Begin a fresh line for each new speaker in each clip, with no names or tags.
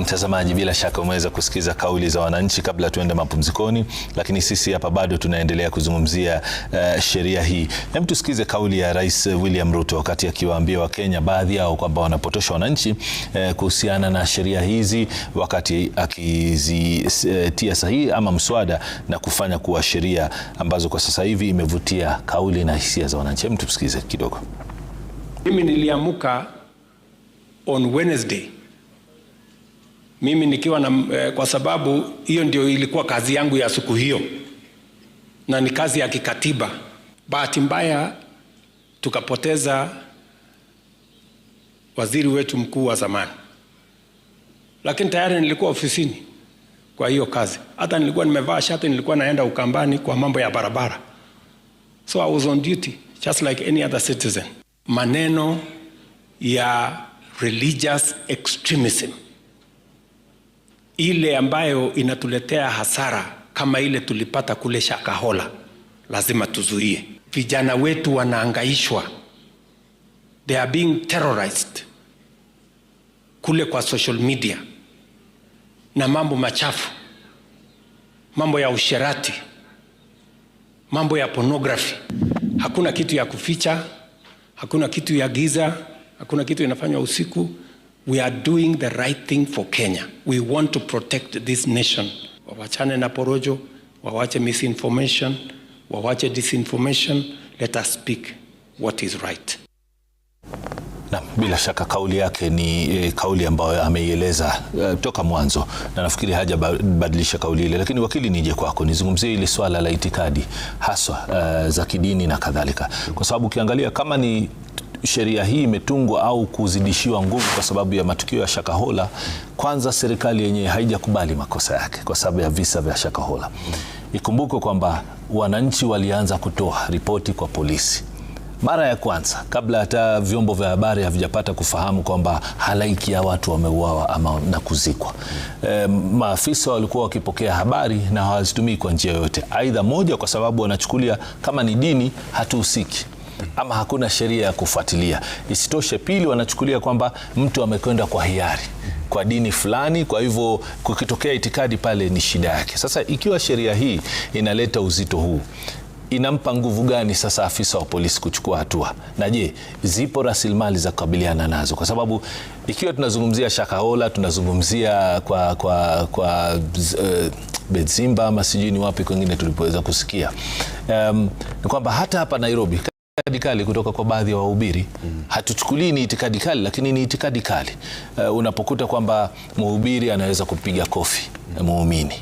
Mtazamaji, bila shaka umeweza kusikiza kauli za wananchi kabla tuende mapumzikoni, lakini sisi hapa bado tunaendelea kuzungumzia uh, sheria hii. Hem, tusikize kauli ya Rais William Ruto wakati akiwaambia Wakenya baadhi yao kwamba wanapotosha wananchi uh, kuhusiana na sheria hizi wakati akizitia uh, sahihi ama mswada na kufanya kuwa sheria ambazo kwa sasa hivi imevutia kauli na hisia za wananchi. Hem, tusikize kidogo.
Mimi niliamuka on Wednesday mimi nikiwa na eh, kwa sababu hiyo ndio ilikuwa kazi yangu ya siku hiyo, na ni kazi ya kikatiba. Bahati mbaya tukapoteza waziri wetu mkuu wa zamani, lakini tayari nilikuwa ofisini kwa hiyo kazi. Hata nilikuwa nimevaa shati, nilikuwa naenda Ukambani kwa mambo ya barabara, so I was on duty just like any other citizen. Maneno ya religious extremism ile ambayo inatuletea hasara kama ile tulipata kule Shakahola, lazima tuzuie. Vijana wetu wanaangaishwa, they are being terrorized kule kwa social media na mambo machafu, mambo ya usherati, mambo ya pornography. Hakuna kitu ya kuficha, hakuna kitu ya giza, hakuna kitu inafanywa usiku we are doing the right thing for Kenya. We want to protect this nation. Wawachane na porojo, wawache misinformation, wawache disinformation. Let us speak what is right.
Na, bila shaka kauli yake ni e, kauli ambayo ameieleza e, toka mwanzo na nafikiri hajabadilisha kauli ile. Lakini wakili, nije kwako nizungumzie ile swala la itikadi haswa e, za kidini na kadhalika, kwa sababu ukiangalia kama ni sheria hii imetungwa au kuzidishiwa nguvu kwa sababu ya matukio ya Shakahola, kwanza serikali yenyewe haijakubali makosa yake kwa sababu ya visa vya Shakahola. Ikumbukwe kwamba wananchi walianza kutoa ripoti kwa polisi mara ya kwanza kabla hata vyombo vya habari havijapata kufahamu kwamba halaiki ya watu wameuawa ama na kuzikwa. E, maafisa walikuwa wakipokea habari na hawazitumii kwa njia yoyote, aidha moja, kwa sababu wanachukulia kama ni dini hatuhusiki ama hakuna sheria ya kufuatilia. Isitoshe, pili, wanachukulia kwamba mtu amekwenda kwa hiari kwa dini fulani, kwa hivyo kukitokea itikadi pale ni shida yake. Sasa ikiwa sheria hii inaleta uzito huu inampa nguvu gani sasa afisa wa polisi kuchukua hatua? Na je, zipo rasilimali za kukabiliana nazo? Kwa sababu ikiwa tunazungumzia Shakahola, tunazungumzia kwa, kwa, kwa uh, Bedzimba ama sijui ni wapi kwengine tulipoweza kusikia um, kwamba hata hapa Nairobi Itikadi kali kutoka kwa baadhi ya wa wahubiri mm. Hatuchukulii ni itikadi kali, lakini ni itikadi kali uh, unapokuta kwamba mhubiri anaweza kupiga kofi muumini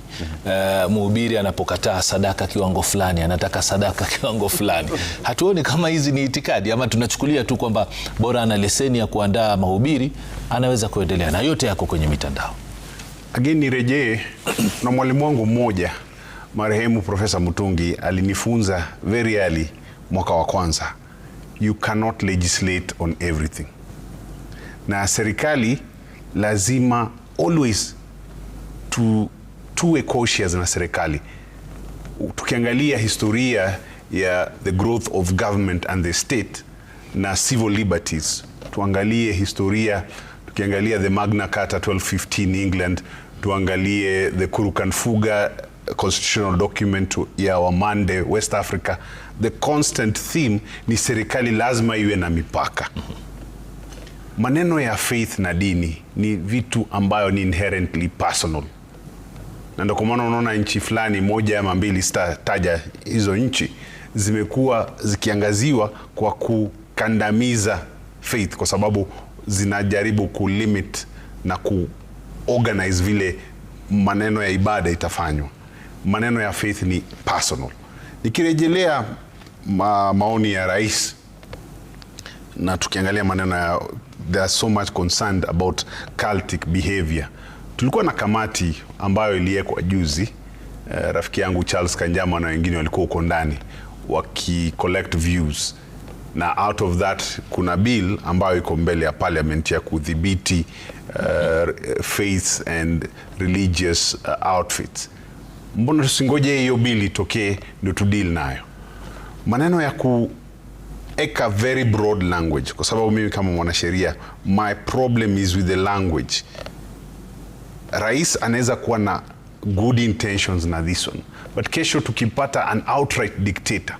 uh, mhubiri anapokataa sadaka kiwango fulani, anataka sadaka kiwango fulani. Hatuoni kama hizi ni itikadi, ama tunachukulia tu kwamba bora ana leseni ya kuandaa mahubiri anaweza kuendelea na yote yako kwenye mitandao.
Again nirejee na mwalimu wangu mmoja marehemu Profesa Mutungi alinifunza very early mwaka wa kwanza, you cannot legislate on everything, na serikali lazima always tu, tuwe cautious na serikali. Tukiangalia historia ya the growth of government and the state na civil liberties, tuangalie historia, tukiangalia the Magna Carta 1215 England, tuangalie the Kurukan Fuga constitutional document ya Wamande West Africa the constant theme ni serikali lazima iwe na mipaka. Maneno ya faith na dini ni vitu ambayo ni inherently personal, na ndio kwa maana unaona nchi fulani moja ama mbili, sitataja hizo nchi, zimekuwa zikiangaziwa kwa kukandamiza faith kwa sababu zinajaribu kulimit na kuorganize vile maneno ya ibada itafanywa. Maneno ya faith ni personal. Nikirejelea ma, maoni ya rais na tukiangalia maneno ya there are so much concerned about cultic behavior. Tulikuwa na kamati ambayo iliwekwa juzi uh, rafiki yangu Charles Kanjama na wengine walikuwa huko ndani waki collect views na out of that kuna bill ambayo iko mbele ya parliament ya kudhibiti uh, faith and religious uh, outfits. Mbona tusingoje hiyo bill itokee ndio tudeal nayo? maneno ya kueka very broad language, kwa sababu mimi kama mwanasheria my problem is with the language. Rais anaweza kuwa na good intentions na this one, but kesho tukipata an outright dictator,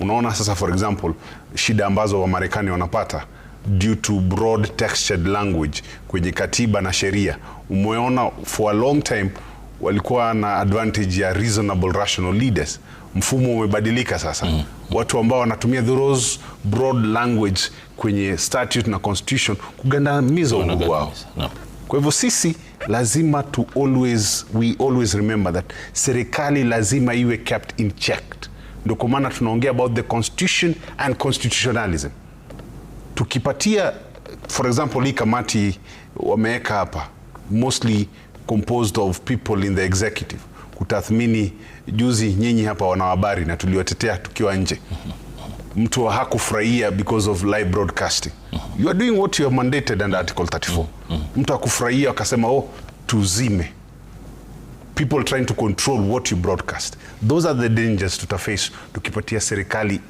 unaona sasa, for example, shida ambazo Wamarekani wanapata due to broad textured language kwenye katiba na sheria. Umeona for a long time walikuwa na advantage ya reasonable rational leaders mfumo umebadilika sasa mm. Watu ambao wanatumia Thoreau's broad language kwenye statute na constitution kugandamiza uhuru wao no. Kwa hivyo sisi lazima to always, we always remember that serikali lazima iwe kept in check, ndio kwa maana tunaongea about the constitution and constitutionalism. Tukipatia for example hii kamati wameweka hapa mostly composed of people in the executive kutathmini juzi nyinyi hapa wanahabari na tuliotetea tukiwa nje mtu hakufurahia because of live broadcasting you are doing what you have mandated under article 34 mtu hakufurahia akasema oh tuzime people trying to control what you broadcast those are the dangers tuta face tukipatia serikali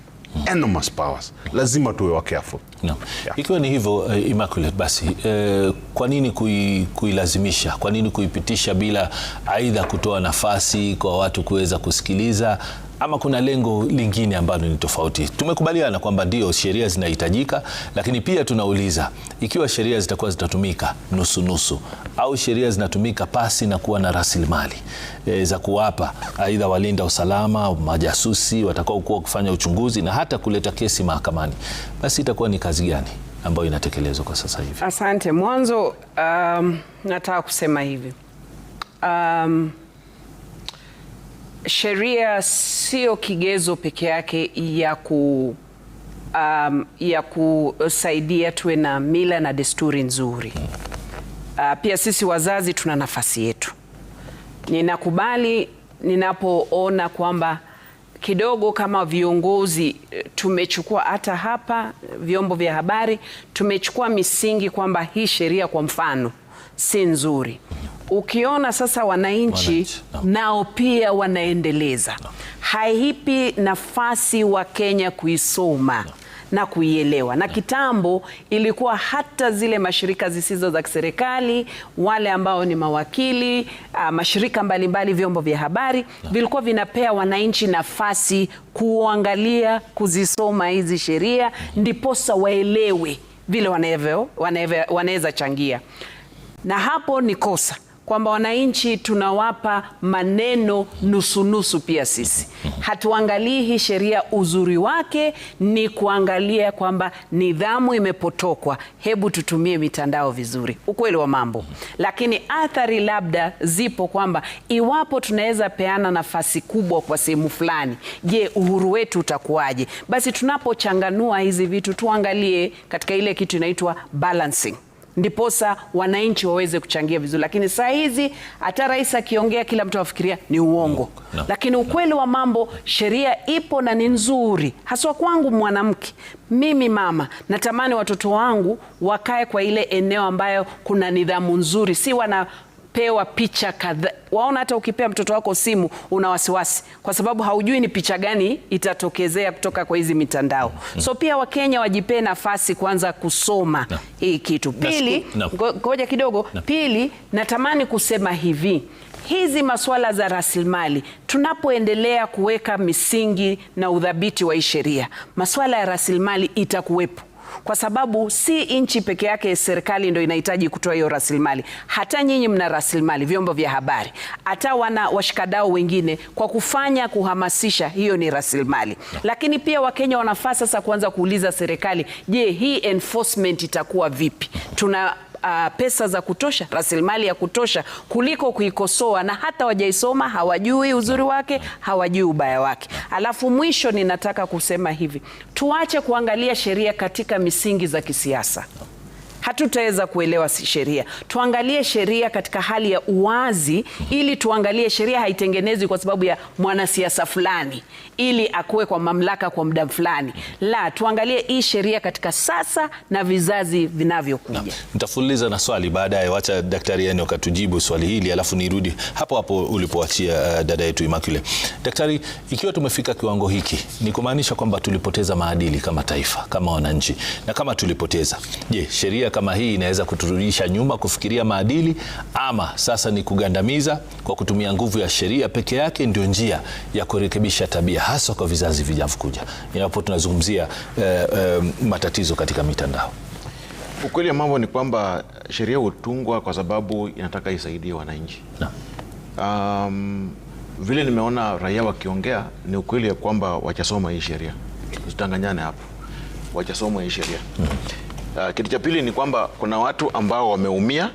enormous powers lazima tuwe wa careful
No. Ikiwa ni hivyo uh, Immaculate basi uh, kwa nini kuilazimisha kui, kwa nini kuipitisha bila aidha kutoa nafasi kwa watu kuweza kusikiliza ama kuna lengo lingine ambalo ni tofauti? Tumekubaliana kwamba ndio sheria zinahitajika, lakini pia tunauliza ikiwa sheria zitakuwa zitatumika nusunusu au sheria zinatumika pasi na kuwa na rasilimali e, za kuwapa aidha walinda usalama, majasusi watakao kuwa kufanya uchunguzi na hata kuleta kesi mahakamani, basi itakuwa ni kazi gani ambayo inatekelezwa kwa sasa
hivi? Asante. Mwanzo um, nataka kusema hivi um, sheria sio kigezo peke yake ya ku um, ya kusaidia tuwe na mila na desturi nzuri. Uh, pia sisi wazazi tuna nafasi yetu. Ninakubali ninapoona kwamba kidogo kama viongozi eh, tumechukua hata hapa vyombo vya habari tumechukua misingi kwamba hii sheria kwa mfano si nzuri. Ukiona sasa wananchi no. nao pia wanaendeleza no. haipi nafasi wa Kenya kuisoma no na kuielewa na kitambo ilikuwa hata zile mashirika zisizo za kiserikali, wale ambao ni mawakili a, ah, mashirika mbalimbali mbali, vyombo vya habari vilikuwa vinapea wananchi nafasi kuangalia, kuzisoma hizi sheria, ndiposa waelewe vile wanaweza changia na hapo ni kosa kwamba wananchi tunawapa maneno nusunusu. Pia sisi hatuangalii hii sheria, uzuri wake ni kuangalia kwamba nidhamu imepotokwa. Hebu tutumie mitandao vizuri, ukweli wa mambo. Lakini athari labda zipo kwamba iwapo tunaweza peana nafasi kubwa kwa sehemu fulani, je, uhuru wetu utakuwaje? Basi tunapochanganua hizi vitu tuangalie katika ile kitu inaitwa balancing ndiposa wananchi waweze kuchangia vizuri. Lakini saa hizi hata rais akiongea, kila mtu afikiria ni uongo no. Lakini ukweli wa mambo, sheria ipo na ni nzuri, haswa kwangu mwanamke mimi mama natamani watoto wangu wakae kwa ile eneo ambayo kuna nidhamu nzuri, si wana unapewa picha kadha. Waona hata ukipea mtoto wako simu una wasiwasi, kwa sababu haujui ni picha gani itatokezea kutoka kwa hizi mitandao mm. So pia Wakenya wajipee nafasi kwanza kusoma no. hii kitu pili no. ngoja kidogo no. Pili, natamani kusema hivi hizi masuala za rasilimali, tunapoendelea kuweka misingi na udhabiti wa hii sheria, masuala ya rasilimali itakuwepo kwa sababu si nchi peke yake serikali ndio inahitaji kutoa hiyo rasilimali. Hata nyinyi mna rasilimali, vyombo vya habari, hata wana washikadau wengine, kwa kufanya kuhamasisha, hiyo ni rasilimali. Lakini pia Wakenya wanafaa sasa kuanza kuuliza serikali, je, hii enforcement itakuwa vipi? tuna uh, pesa za kutosha, rasilimali ya kutosha kuliko kuikosoa, na hata wajaisoma hawajui uzuri wake, hawajui ubaya wake. Alafu mwisho ninataka kusema hivi, tuache kuangalia sheria katika misingi za kisiasa hatutaweza kuelewa sheria. Tuangalie sheria katika hali ya uwazi, ili tuangalie sheria haitengenezwi kwa sababu ya mwanasiasa fulani ili akuwe kwa mamlaka kwa muda fulani, la tuangalie hii sheria katika sasa na vizazi vinavyokuja.
Nitafululiza na swali baadaye, wacha Daktari yani akatujibu swali hili, alafu nirudi hapo hapo ulipoachia uh, dada yetu Imakule. Daktari, ikiwa tumefika kiwango hiki, ni kumaanisha kwamba tulipoteza maadili kama taifa, kama wananchi na kama tulipoteza, je, sheria historia kama hii inaweza kuturudisha nyuma kufikiria maadili, ama sasa ni kugandamiza kwa kutumia nguvu ya sheria peke yake ndio njia ya kurekebisha tabia, haswa kwa vizazi vijavyokuja, inapo tunazungumzia eh, eh, matatizo katika mitandao.
Ukweli wa mambo ni kwamba sheria hutungwa kwa sababu inataka isaidie wananchi. Um, vile nimeona raia wakiongea ni ukweli ya kwamba wachasoma hii sheria, tutanganyane hapo, wachasoma hii sheria mm -hmm. Uh, kitu cha pili ni kwamba kuna watu ambao wameumia,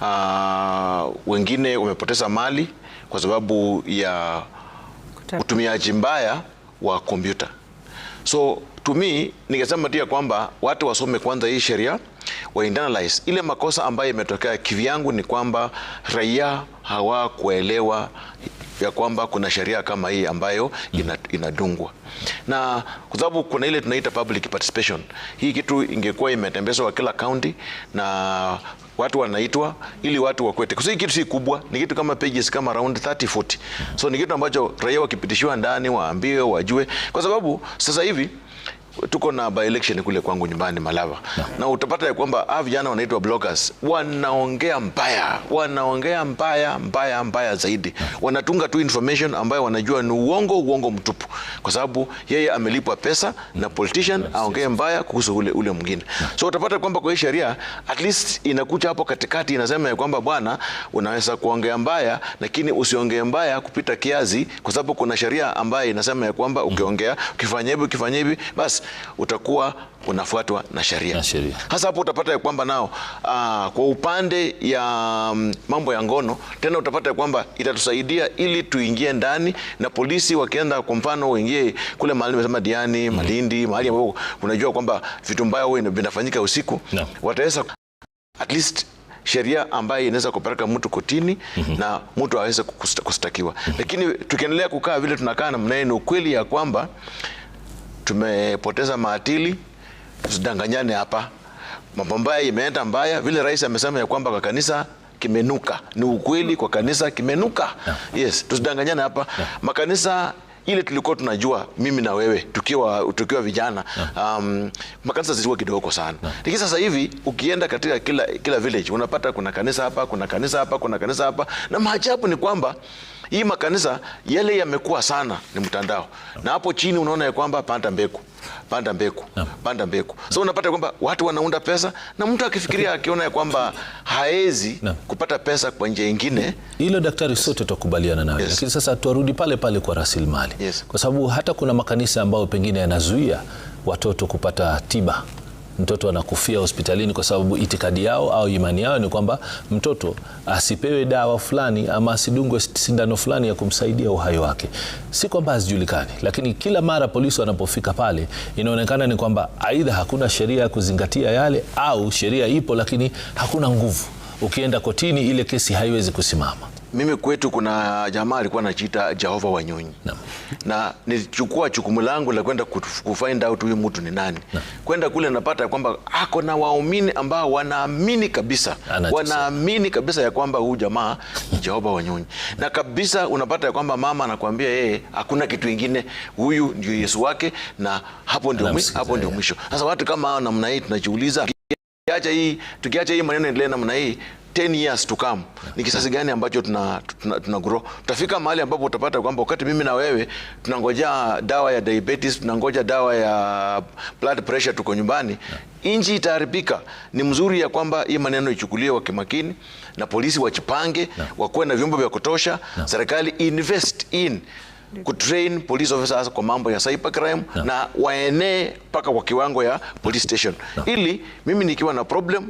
uh, wengine wamepoteza mali kwa sababu ya utumiaji mbaya wa kompyuta. So to me ningesema tu ya kwamba watu wasome kwanza hii sheria wa ile makosa ambayo imetokea. Kivyangu ni kwamba raia hawakuelewa ya kwamba kuna sheria kama hii ambayo inadungwa na kwa sababu kuna ile tunaita public participation. Hii kitu ingekuwa imetembezwa kila kaunti na watu wanaitwa ili watu wakwete. Kwa kitu si kubwa, ni kitu kama pages kama round 30 40. So ni kitu ambacho raia wakipitishiwa ndani waambiwe, wajue, kwa sababu sasa hivi tuko na by election kule kwangu nyumbani Malava na, na utapata ya kwamba hawa vijana wanaitwa bloggers, wanaongea mbaya, wanaongea mbaya mbaya mbaya zaidi no. wanatunga tu information ambayo wanajua ni uongo, uongo mtupu, kwa sababu yeye amelipwa pesa na politician aongee mbaya kuhusu ule, ule mwingine so utapata kwamba kwa hii sheria at least inakuja hapo katikati, inasema ya kwamba bwana, unaweza kuongea mbaya, lakini usiongee mbaya kupita kiasi, kwa sababu kuna sheria ambayo inasema ya kwamba ukiongea ukifanya hivi ukifanya hivi basi utakuwa unafuatwa na sheria. Hasa hapo utapata ya kwamba nao aa, ah, kwa upande ya mm, mambo ya ngono tena utapata ya kwamba itatusaidia ili tuingie ndani, na polisi wakienda kwa mfano uingie kule mahali mesema Diani, mm. Malindi, mahali ambapo unajua kwamba vitu mbaya huwa vinafanyika usiku no. wataweza at least sheria ambayo inaweza kupeleka mtu kotini mm -hmm. na mtu aweze kustakiwa mm -hmm. Lakini tukiendelea kukaa vile tunakaa namna hii, ni ukweli ya kwamba tumepoteza maadili, tusidanganyane hapa. Mambo mbaya imeenda mbaya, vile rais amesema ya kwamba kwa kanisa kimenuka. Ni ukweli, kwa kanisa kimenuka. Yes, tusidanganyane hapa. Makanisa ile tulikuwa tunajua mimi na wewe tukiwa, tukiwa vijana um, makanisa zilikuwa kidogo sana, lakini sasa hivi ukienda katika kila, kila village unapata kuna kanisa hapa, kuna kanisa hapa, kuna kanisa hapa, na maajabu ni kwamba hii makanisa yale yamekuwa sana ni mtandao, na hapo chini unaona ya kwamba panda mbegu, panda mbegu, panda mbegu. So unapata kwamba watu wanaunda pesa na mtu akifikiria akiona ya kwamba haezi na kupata pesa kwa njia ingine.
Hilo daktari, sote tutakubaliana nayo, yes. Lakini sasa tuarudi pale pale kwa rasilimali, yes. Kwa sababu hata kuna makanisa ambayo pengine yanazuia watoto kupata tiba mtoto anakufia hospitalini kwa sababu itikadi yao au imani yao ni kwamba mtoto asipewe dawa fulani ama asidungwe sindano fulani ya kumsaidia uhai wake. Si kwamba hazijulikani, lakini kila mara polisi wanapofika pale inaonekana ni kwamba aidha hakuna sheria ya kuzingatia yale au sheria ipo lakini hakuna nguvu. Ukienda kotini ile kesi haiwezi kusimama.
Mimi kwetu kuna jamaa alikuwa anajiita Jehova Wanyonyi no. na nilichukua jukumu langu la kwenda kufind out huyu mtu ni nani no. kwenda kule napata ya kwamba ako na waumini ambao wanaamini kabisa, wanaamini kabisa ya kwamba huyu jamaa ni Jehova Wanyonyi na kabisa, unapata ya kwamba mama anakuambia yeye hakuna kitu ingine, huyu ndio Yesu wake na hapo ndio hapo ndio mwisho. Sasa watu kama namna hii tunajiuliza, tukiacha hii maneno endelee namna hii 10 years to come ni kisasi gani ambacho tuna, tuna, tuna grow. Tutafika mahali ambapo utapata kwamba wakati mimi na wewe tunangoja dawa ya diabetes, tunangoja dawa ya blood pressure, tuko nyumbani yeah. Nchi itaharibika. Ni mzuri ya kwamba hii maneno ichukuliwe kwa kimakini na polisi wachipange yeah. Wakuwe na vyombo vya kutosha yeah. Serikali invest in kutrain police officers kwa mambo ya cyber crime yeah. na waenee mpaka kwa kiwango ya police station yeah. ili mimi nikiwa na problem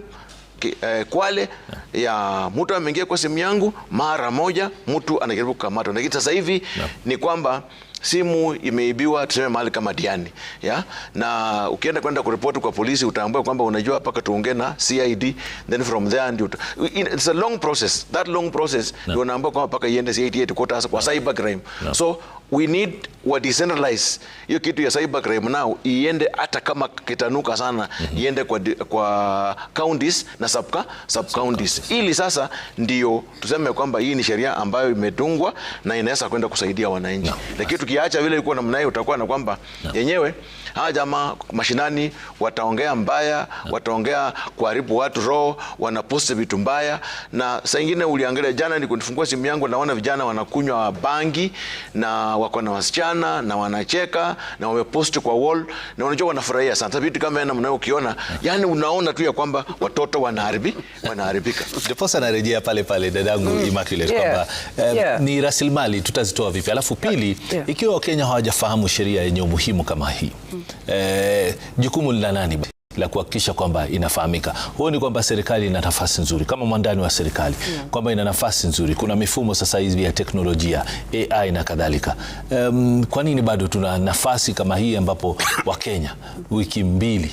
eh, Kwale ya mtu ameingia kwa simu yangu mara moja, mtu anajaribu kukamatwa, lakini sasa hivi ni kwamba simu imeibiwa tuseme mahali kama Diani ya na ukienda kwenda kuripoti kwa polisi utaambiwa kwamba unajua mpaka tuongee na CID then from there and you it's a long process that long process ndio unaambiwa kwamba mpaka iende CID headquarters kwa cyber crime no. so we need wa decentralize hiyo kitu ya cyber crime now iende hata kama kitanuka sana mm -hmm. iende kwa, kwa counties na sub, sub counties ili sasa ndio tuseme kwamba hii ni sheria ambayo imetungwa na inaweza kwenda kusaidia wananchi no. lakini tukiacha vile ilikuwa namna hiyo, utakuwa na kwamba yenyewe hawa jamaa mashinani wataongea mbaya, wataongea kuharibu watu roho, wanaposti vitu mbaya. Na saa ingine uliangalia jana, nikunifungua simu yangu, naona vijana wanakunywa bangi na wako na wasichana na wanacheka na wameposti kwa wall na unajua wanafurahia sana. Sasa vitu kama namna hiyo ukiona, yani unaona tu ya kwamba watoto wanaharibi wanaharibika.
Ndiposa narejea pale pale dadangu mm. Immaculate kwamba eh, ni rasilimali tutazitoa vipi, alafu pili yeah ikiwa Wakenya hawajafahamu sheria yenye umuhimu kama hii mm. E, jukumu lina nani la kuhakikisha kwamba inafahamika. Huo ni kwamba serikali ina nafasi nzuri kama mwandani wa serikali yeah. Kwamba ina nafasi nzuri, kuna mifumo sasa hivi ya teknolojia AI na kadhalika. Um, kwa nini bado tuna nafasi kama hii ambapo Wakenya wiki mbili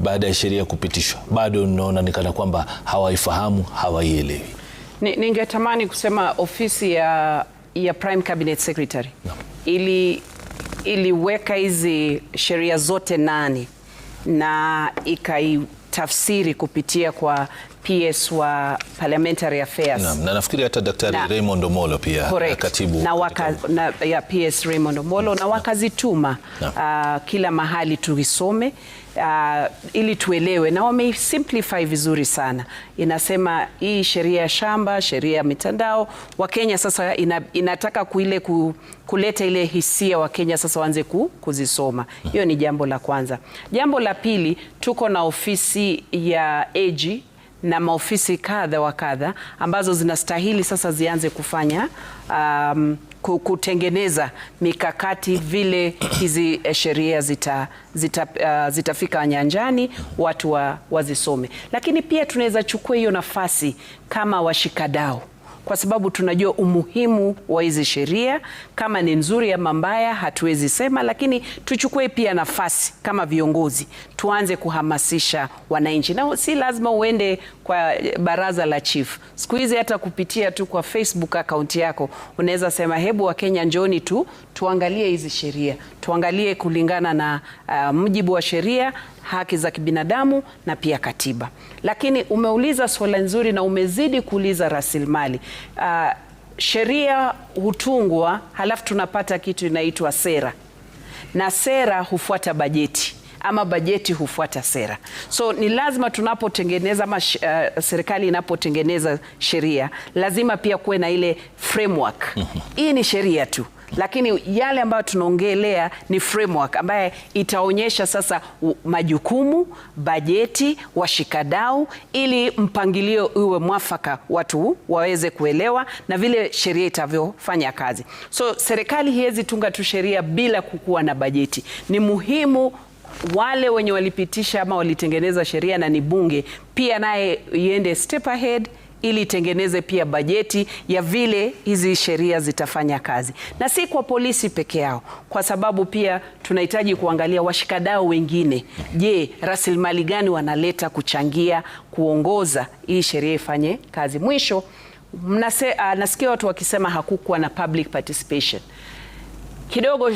baada ya sheria kupitishwa bado inaonekana kwamba hawaifahamu, hawaielewi.
Ningetamani kusema ofisi ya, ya Prime Cabinet Secretary no ili iliweka hizi sheria zote nani na ikai tafsiri kupitia kwa PS wa Parliamentary Affairs. Na,
na nafikiri hata Daktari Raymond Omolo pia eh, katibu
na waka, na, ya PS Raymond Omolo na wakazituma uh, kila mahali tuisome uh, ili tuelewe na wame simplify vizuri sana. Inasema hii sheria ya shamba, sheria ya mitandao, Wakenya sasa ina, inataka kuile ku, kuleta ile hisia Wakenya sasa waanze ku, kuzisoma. Hmm. Hiyo ni jambo la kwanza. Jambo la pili, tuko na ofisi ofisi ya AG na maofisi kadha wa kadha ambazo zinastahili sasa zianze kufanya um, kutengeneza mikakati vile hizi eh, sheria zita, zita, uh, zitafika nyanjani watu wa, wazisome, lakini pia tunaweza chukua hiyo nafasi kama washikadau kwa sababu tunajua umuhimu wa hizi sheria. Kama ni nzuri ama mbaya hatuwezi sema, lakini tuchukue pia nafasi kama viongozi, tuanze kuhamasisha wananchi, na si lazima uende kwa baraza la chief. Siku hizi hata kupitia tu kwa Facebook akaunti yako unaweza sema hebu Wakenya njoni tu tuangalie hizi sheria, tuangalie kulingana na uh, mjibu wa sheria, haki za kibinadamu na pia katiba. Lakini umeuliza swala nzuri na umezidi kuuliza rasilimali uh, sheria hutungwa halafu tunapata kitu inaitwa sera na sera hufuata bajeti ama bajeti hufuata sera. So ni lazima tunapotengeneza ama uh, serikali inapotengeneza sheria lazima pia kuwe na ile framework. Mhm. Hii ni sheria tu lakini yale ambayo tunaongelea ni framework ambaye itaonyesha sasa majukumu, bajeti, washikadau, ili mpangilio uwe mwafaka, watu waweze kuelewa na vile sheria itavyofanya kazi. So serikali hiwezi tunga tu sheria bila kukuwa na bajeti. Ni muhimu wale wenye walipitisha ama walitengeneza sheria na ni bunge pia naye iende step ahead ili itengeneze pia bajeti ya vile hizi sheria zitafanya kazi, na si kwa polisi peke yao, kwa sababu pia tunahitaji kuangalia washikadau wengine. Je, rasilimali gani wanaleta kuchangia kuongoza hii sheria ifanye kazi? Mwisho mnase, uh, nasikia watu wakisema hakukuwa na public participation kidogo. Uh,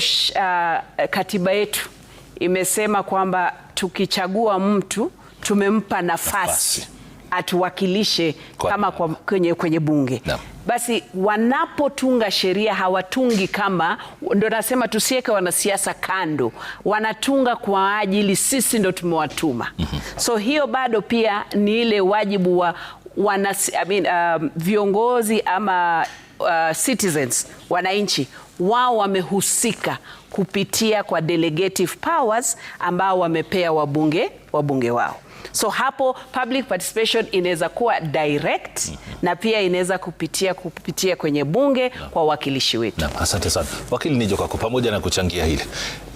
katiba yetu imesema kwamba tukichagua mtu tumempa nafasi atuwakilishe kwa kama kwa kwenye, kwenye bunge na. Basi wanapotunga sheria hawatungi kama, ndo nasema tusiweke wanasiasa kando, wanatunga kwa ajili sisi ndo tumewatuma. mm -hmm. So hiyo bado pia ni ile wajibu wa wanasi, I mean, uh, viongozi ama uh, citizens wananchi wao wamehusika kupitia kwa delegative powers ambao wamepea wabunge wabunge wao. So hapo public participation inaweza kuwa direct mm -hmm. na pia inaweza kupitia kupitia kwenye bunge no. kwa wakilishi wetu
no. Asante sana wakili Nijo kwako pamoja na kuchangia hili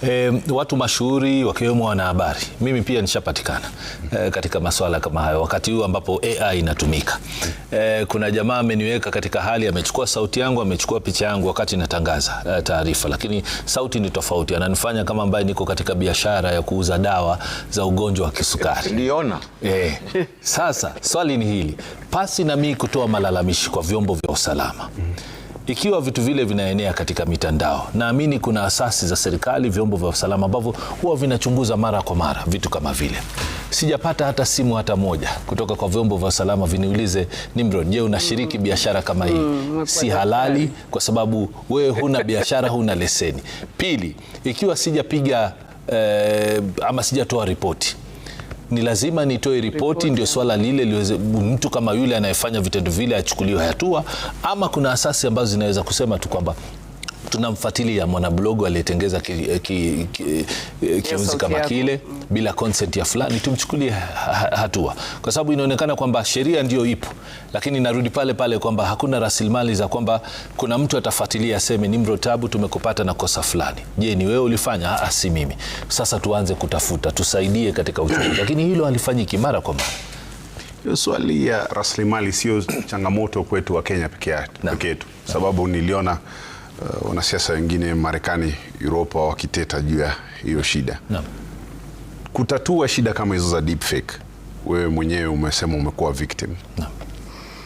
e, watu mashuhuri wakiwemo wanahabari, mimi pia nishapatikana e, katika masuala kama hayo, wakati huu ambapo AI inatumika e, kuna jamaa ameniweka katika hali, amechukua sauti yangu, amechukua picha yangu wakati natangaza eh, taarifa, lakini sauti ni tofauti, ananifanya kama ambaye niko katika biashara ya kuuza dawa za ugonjwa wa kisukari Unaona eh. Sasa swali ni hili, pasi na mimi kutoa malalamishi kwa vyombo vya usalama mm Ikiwa vitu vile vinaenea katika mitandao, naamini kuna asasi za serikali, vyombo vya usalama ambavyo huwa vinachunguza mara kwa mara vitu kama vile. Sijapata hata simu hata moja kutoka kwa vyombo vya usalama viniulize, Nimrod, je, unashiriki mm. biashara kama hii mm, si halali kwa sababu wewe huna biashara, huna leseni. Pili, ikiwa sijapiga eh, ama sijatoa ripoti ni lazima nitoe ripoti, ndio swala lile liweze, mtu kama yule anayefanya vitendo vile achukuliwe hatua, ama kuna asasi ambazo zinaweza kusema tu kwamba tunamfuatilia mwanablogu aliyetengeza kiunzi ki, ki, ki, kama kile bila consent ya fulani, tumchukulie hatua, kwa sababu inaonekana kwamba sheria ndiyo ipo, lakini narudi pale pale kwamba hakuna rasilimali za kwamba kuna mtu atafuatilia aseme, Nimro Tabu, tumekupata na kosa fulani. Je, ni wewe ulifanya? Ah, si mimi. Sasa tuanze kutafuta, tusaidie katika uchumi, lakini hilo halifanyiki mara kwa mara.
Hiyo swali ya rasilimali sio changamoto kwetu wa Kenya peke yetu, sababu niliona uh, wanasiasa wengine Marekani, uropa wakiteta juu ya hiyo shida no. Kutatua shida kama hizo za deepfake, wewe mwenyewe umesema umekuwa victim no.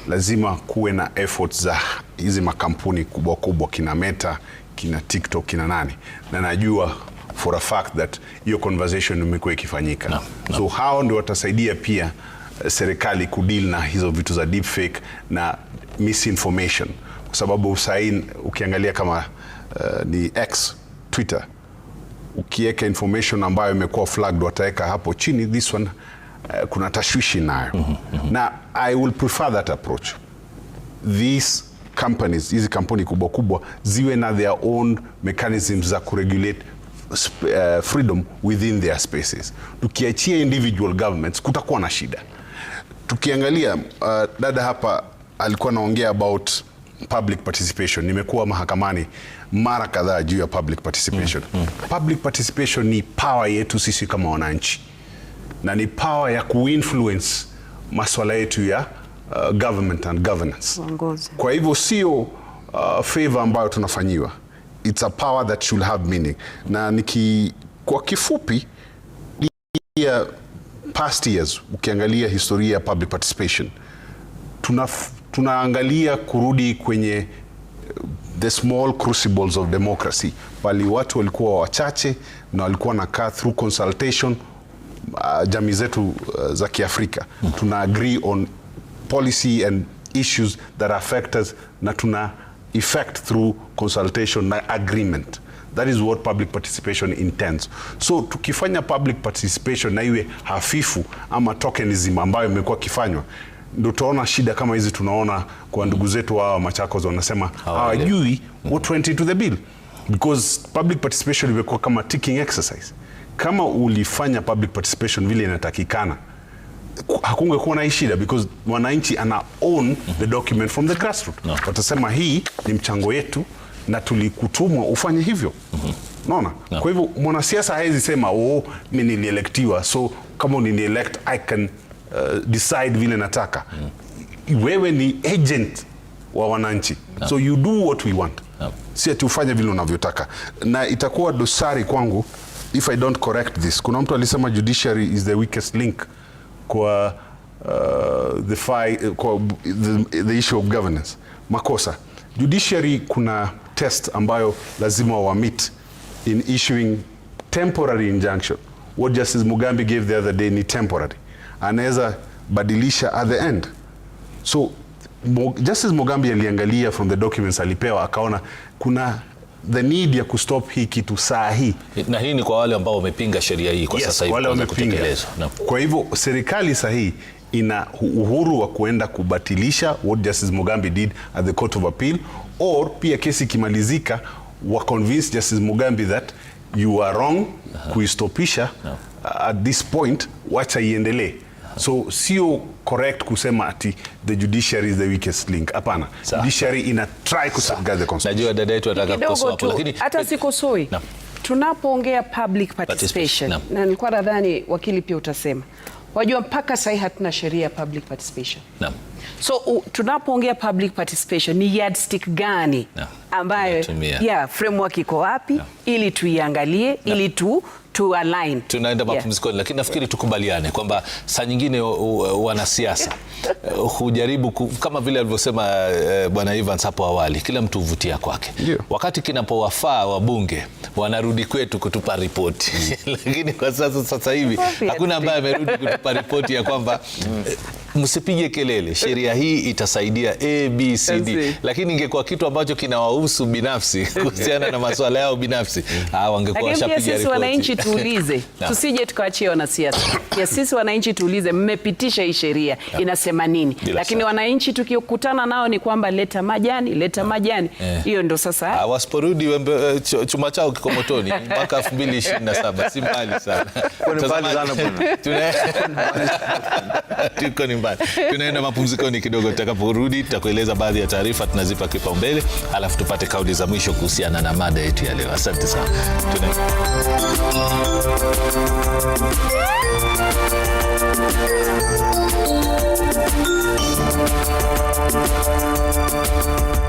Lazima kuwe na effort za hizi makampuni kubwa kubwa, kina Meta, kina TikTok, kina nani, na najua for a fact that hiyo conversation imekuwa ikifanyika no. No. So hao ndio watasaidia pia eh, serikali kudeal na hizo vitu za deepfake na misinformation kwa sababu sahi ukiangalia kama uh, ni X Twitter ukiweka information ambayo imekuwa flagged wataweka hapo chini this one uh, kuna tashwishi nayo mm -hmm, mm -hmm. na I will prefer that approach these companies hizi kampuni kubwa kubwa ziwe na their own mechanisms za kuregulate uh, freedom within their spaces. Tukiachia individual governments kutakuwa na shida. Tukiangalia uh, dada hapa alikuwa anaongea about public participation. Nimekuwa mahakamani mara kadhaa juu ya public participation. Mm, mm. Public participation ni power yetu sisi kama wananchi na ni power ya kuinfluence masuala yetu ya uh, government and governance. Uongozi. Kwa hivyo sio uh, favor ambayo tunafanyiwa. It's a power that should have meaning. Na niki kwa kifupi ya past years ukiangalia historia ya public participation tuna tunaangalia kurudi kwenye eh, the small crucibles of democracy, pali watu walikuwa wachache na walikuwa na kaa through consultation uh, jamii zetu uh, za Kiafrika mm -hmm. tuna agree on policy and issues that affect us na tuna effect through consultation na agreement that is what public participation intends. So tukifanya public participation na iwe hafifu ama tokenism ambayo imekuwa kifanywa ndo tutaona shida kama hizi tunaona kwa mm. ndugu zetu hawa Machakos wanasema hawajui mm. what went into the bill because public participation imekuwa kama ticking exercise. Kama ulifanya public participation vile inatakikana hakungekuwa na hii shida because mwananchi ana own mm-hmm. the document from the grassroots. No. Watasema hii ni mchango yetu na tulikutumwa ufanye hivyo. Mm-hmm. Unaona? mm -hmm. no. Kwa hivyo mwanasiasa hawezi sema oh, mimi nilielektiwa so kama elect I can Uh, decide vile nataka mm. Wewe ni agent wa wananchi no. So you do what we want no. Si ati ufanye vile unavyotaka, na itakuwa dosari kwangu if I don't correct this. Kuna mtu alisema judiciary is the weakest link kwa Uh, the, fi, kwa the, the issue of governance makosa. Judiciary kuna test ambayo lazima wamit in issuing temporary injunction. What Justice Mugambi gave the other day ni temporary anaweza badilisha at the end. So Justice mogambi aliangalia from the documents alipewa, akaona kuna the need ya kustop hii kitu saa hii,
na hii ni kwa wale ambao wamepinga sheria hii kwa yes, sasa hivi kutekeleza. Kwa hivyo serikali sahihi ina uhuru wa kuenda kubatilisha what Justice Mugambi did at the Court of Appeal or pia kesi ikimalizika wa convince Justice Mugambi that you are wrong kuistopisha. No. At this point wacha iendelee. So sio correct kusema ati the judiciary is the weakest link. Hapana, judiciary ina try ku safeguard the constitution. Najua dada yetu anataka kukosoa hapo, lakini
hata sikosoi Tunapoongea public participation, Na nilikuwa nadhani wakili pia utasema wajua mpaka sasa hatuna sheria ya public participation Naam. So tunapoongea public participation ni yardstick gani Naam ambayo yeah, framework iko wapi yeah, ili tuiangalie yeah, ili tu To align.
Tunaenda mapumzikoni yeah. Lakini nafikiri tukubaliane kwamba saa nyingine wanasiasa hujaribu kama vile alivyosema uh, Bwana Evans hapo awali, kila mtu huvutia kwake yeah. Wakati kinapowafaa wabunge wanarudi kwetu kutupa ripoti mm. Lakini kwa sasa sasa hivi hakuna ambaye amerudi kutupa ripoti ya kwamba eh, msipige kelele, sheria hii itasaidia ABCD, lakini ingekuwa kitu ambacho kinawa inawahusu binafsi kuhusiana na masuala yao binafsi,
wangekuwa washapiga ripoti. Sisi wananchi tuulize, tusije tukawaachia wanasiasa. Pia sisi wananchi tuulize, mmepitisha hii sheria inasema nini? Bila lakini wananchi tukikutana nao ni kwamba leta majani, leta majani,
eh. hiyo yeah. Ndo sasa ah, wasiporudi eh, chuma chao kiko motoni mpaka 2027 si mbali sana tuna tuko ni mbali. Tunaenda mapumzikoni kidogo, tutakaporudi tutakueleza baadhi ya taarifa tunazipa kipaumbele, alafu tupate kauli za mwisho kuhusiana na mada yetu ya leo. Asante sana Tune.